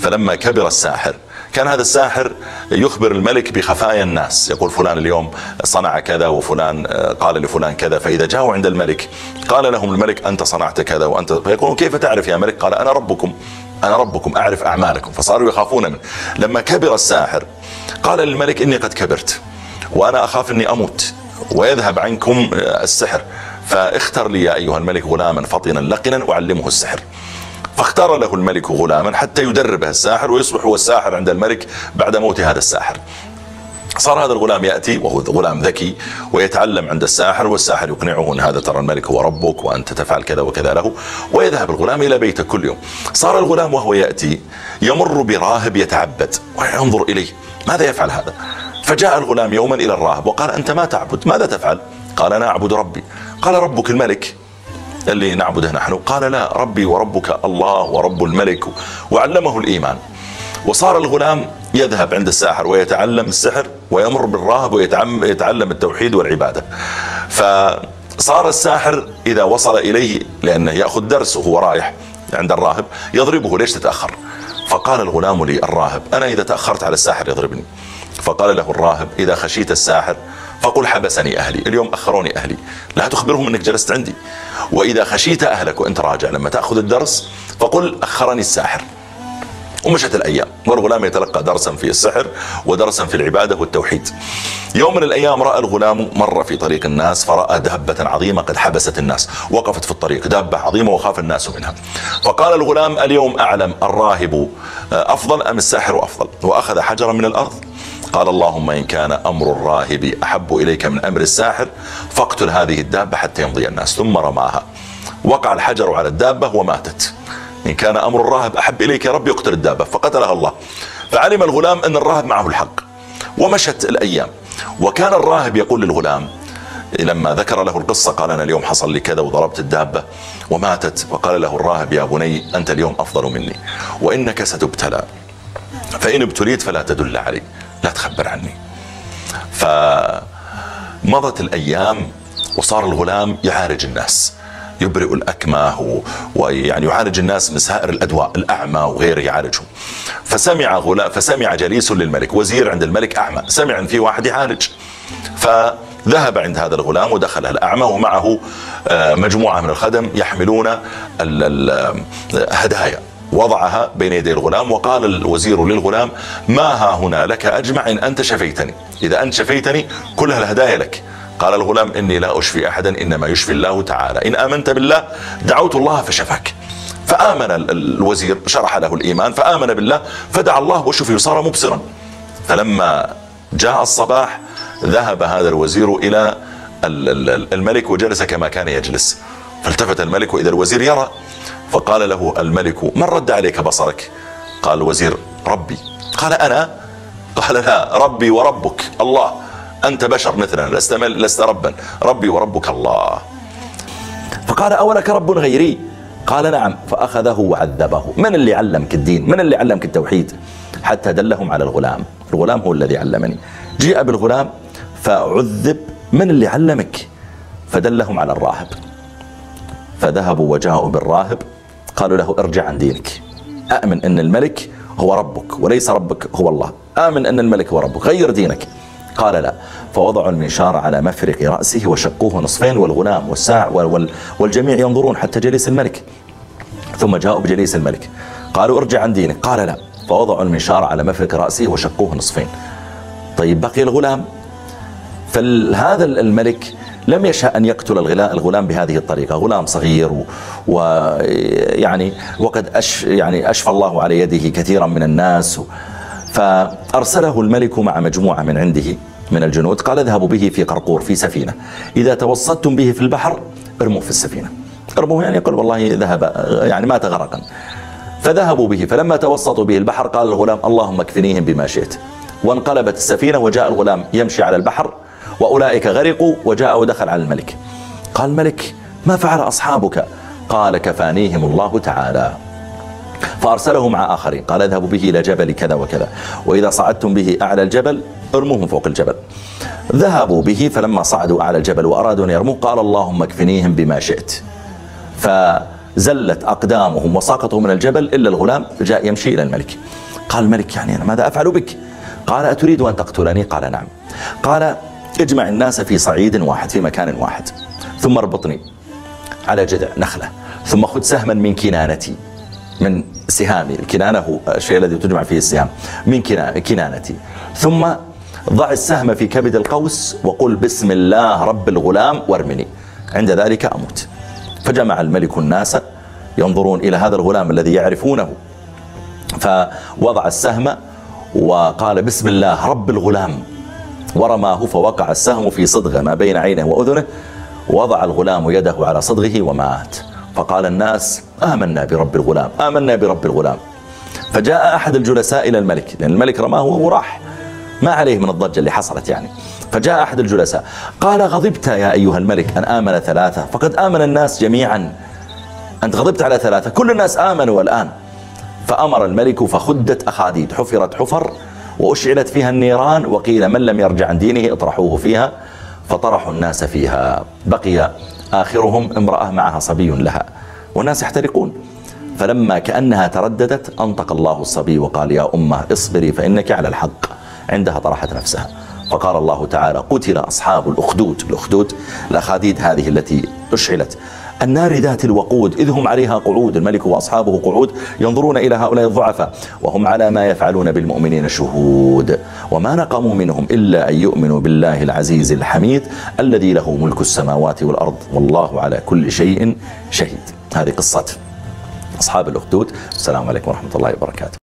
فلما كبر الساحر كان هذا الساحر يخبر الملك بخفايا الناس يقول فلان اليوم صنع كذا وفلان آه، قال لفلان كذا فإذا جاءوا عند الملك قال لهم الملك أنت صنعت كذا وأنت فيقولون كيف تعرف يا ملك قال أنا ربكم أنا ربكم أعرف أعمالكم فصاروا يخافون منه لما كبر الساحر قال للملك إني قد كبرت وأنا أخاف إني أموت ويذهب عنكم آه، السحر فاختر لي يا أيها الملك غلاما فطنا لقنا أعلمه السحر فاختار له الملك غلاما حتى يدربه الساحر ويصبح هو الساحر عند الملك بعد موت هذا الساحر صار هذا الغلام يأتي وهو غلام ذكي ويتعلم عند الساحر والساحر يقنعه أن هذا ترى الملك هو ربك وأنت تفعل كذا وكذا له ويذهب الغلام إلى بيته كل يوم صار الغلام وهو يأتي يمر براهب يتعبد وينظر إليه ماذا يفعل هذا فجاء الغلام يوما إلى الراهب وقال أنت ما تعبد ماذا تفعل قال أنا أعبد ربي قال ربك الملك اللي نعبده نحن قال لا ربي وربك الله ورب الملك وعلمه الإيمان وصار الغلام يذهب عند الساحر ويتعلم السحر ويمر بالراهب ويتعلم التوحيد والعبادة فصار الساحر إذا وصل إليه لأنه يأخذ درس وهو رايح عند الراهب يضربه ليش تتأخر فقال الغلام للراهب أنا إذا تأخرت على الساحر يضربني فقال له الراهب إذا خشيت الساحر فقل حبسني أهلي اليوم أخروني أهلي لا تخبرهم أنك جلست عندي وإذا خشيت أهلك وأنت راجع لما تأخذ الدرس فقل أخرني الساحر ومشت الأيام والغلام يتلقى درسا في السحر ودرسا في العبادة والتوحيد يوم من الأيام رأى الغلام مر في طريق الناس فرأى دهبة عظيمة قد حبست الناس وقفت في الطريق دهبة عظيمة وخاف الناس منها فقال الغلام اليوم أعلم الراهب أفضل أم الساحر أفضل وأخذ حجرا من الأرض قال اللهم إن كان أمر الراهب أحب إليك من أمر الساحر فاقتل هذه الدابة حتى يمضي الناس ثم رماها وقع الحجر على الدابة وماتت إن كان أمر الراهب أحب إليك يا رب يقتل الدابة فقتلها الله فعلم الغلام أن الراهب معه الحق ومشت الأيام وكان الراهب يقول للغلام لما ذكر له القصة قال أنا اليوم حصل لي كذا وضربت الدابة وماتت فقال له الراهب يا بني أنت اليوم أفضل مني وإنك ستبتلى فإن ابتليت فلا تدل علي لا تخبر عني فمضت الأيام وصار الغلام يعالج الناس يبرئ الأكمه ويعني يعالج الناس من سائر الأدواء الأعمى وغيره يعالجهم فسمع فسمع جليس للملك وزير عند الملك أعمى سمع أن في واحد يعالج فذهب عند هذا الغلام ودخل الأعمى ومعه آه، مجموعة من الخدم يحملون الهدايا آه، وضعها بين يدي الغلام وقال الوزير للغلام ما ها هنا لك أجمع إن أنت شفيتني إذا أنت شفيتني كل الهدايا لك قال الغلام إني لا أشفي أحدا إنما يشفي الله تعالى إن آمنت بالله دعوت الله فشفاك فآمن الوزير شرح له الإيمان فآمن بالله فدعا الله وشفي وصار مبصرا فلما جاء الصباح ذهب هذا الوزير إلى الملك وجلس كما كان يجلس فالتفت الملك وإذا الوزير يرى فقال له الملك من رد عليك بصرك قال الوزير ربي قال أنا قال لا ربي وربك الله أنت بشر مثلنا لست, لست ربا ربي وربك الله فقال أولك رب غيري قال نعم فأخذه وعذبه من اللي علمك الدين من اللي علمك التوحيد حتى دلهم على الغلام الغلام هو الذي علمني جيء بالغلام فعذب من اللي علمك فدلهم على الراهب فذهبوا وجاءوا بالراهب قالوا له ارجع عن دينك أأمن أن الملك هو ربك وليس ربك هو الله آمن أن الملك هو ربك غير دينك قال لا فوضعوا المنشار على مفرق رأسه وشقوه نصفين والغلام والساع والجميع ينظرون حتى جليس الملك ثم جاءوا بجليس الملك قالوا ارجع عن دينك قال لا فوضعوا المنشار على مفرق رأسه وشقوه نصفين طيب بقي الغلام فهذا الملك لم يشاء أن يقتل الغلام بهذه الطريقة غلام صغير ويعني وقد أشف يعني أشفى الله على يده كثيرا من الناس فأرسله الملك مع مجموعة من عنده من الجنود قال اذهبوا به في قرقور في سفينة إذا توسطتم به في البحر ارموه في السفينة ارموه يعني يقول والله ذهب يعني مات غرقا فذهبوا به فلما توسطوا به البحر قال الغلام اللهم اكفنيهم بما شئت وانقلبت السفينة وجاء الغلام يمشي على البحر وأولئك غرقوا وجاء ودخل على الملك قال الملك ما فعل أصحابك قال كفانيهم الله تعالى فأرسله مع آخرين قال اذهبوا به إلى جبل كذا وكذا وإذا صعدتم به أعلى الجبل ارموهم فوق الجبل ذهبوا به فلما صعدوا أعلى الجبل وأرادوا أن يرموه قال اللهم اكفنيهم بما شئت فزلت أقدامهم وساقطوا من الجبل إلا الغلام جاء يمشي إلى الملك قال الملك يعني أنا ماذا أفعل بك قال أتريد أن تقتلني قال نعم قال اجمع الناس في صعيد واحد في مكان واحد ثم اربطني على جذع نخلة ثم خذ سهما من كنانتي من سهامي الكنانة هو الشيء الذي تجمع فيه السهام من كنانتي ثم ضع السهم في كبد القوس وقل بسم الله رب الغلام وارمني عند ذلك أموت فجمع الملك الناس ينظرون إلى هذا الغلام الذي يعرفونه فوضع السهم وقال بسم الله رب الغلام ورماه فوقع السهم في صدغه ما بين عينه وأذنه وضع الغلام يده على صدغه ومات فقال الناس آمنا برب الغلام آمنا برب الغلام فجاء أحد الجلساء إلى الملك لأن الملك رماه وراح ما عليه من الضجة اللي حصلت يعني فجاء أحد الجلساء قال غضبت يا أيها الملك أن آمن ثلاثة فقد آمن الناس جميعا أنت غضبت على ثلاثة كل الناس آمنوا الآن فأمر الملك فخدت أخاديد حفرت حفر وأشعلت فيها النيران وقيل من لم يرجع عن دينه اطرحوه فيها فطرحوا الناس فيها بقي آخرهم امرأة معها صبي لها والناس يحترقون فلما كأنها ترددت أنطق الله الصبي وقال يا أمه اصبري فإنك على الحق عندها طرحت نفسها فقال الله تعالى قتل أصحاب الأخدود الأخدود الأخاديد هذه التي أشعلت النار ذات الوقود إذ هم عليها قعود الملك وأصحابه قعود ينظرون إلى هؤلاء الضعفاء وهم على ما يفعلون بالمؤمنين شهود وما نقموا منهم إلا أن يؤمنوا بالله العزيز الحميد الذي له ملك السماوات والأرض والله على كل شيء شهيد هذه قصة أصحاب الأخدود السلام عليكم ورحمة الله وبركاته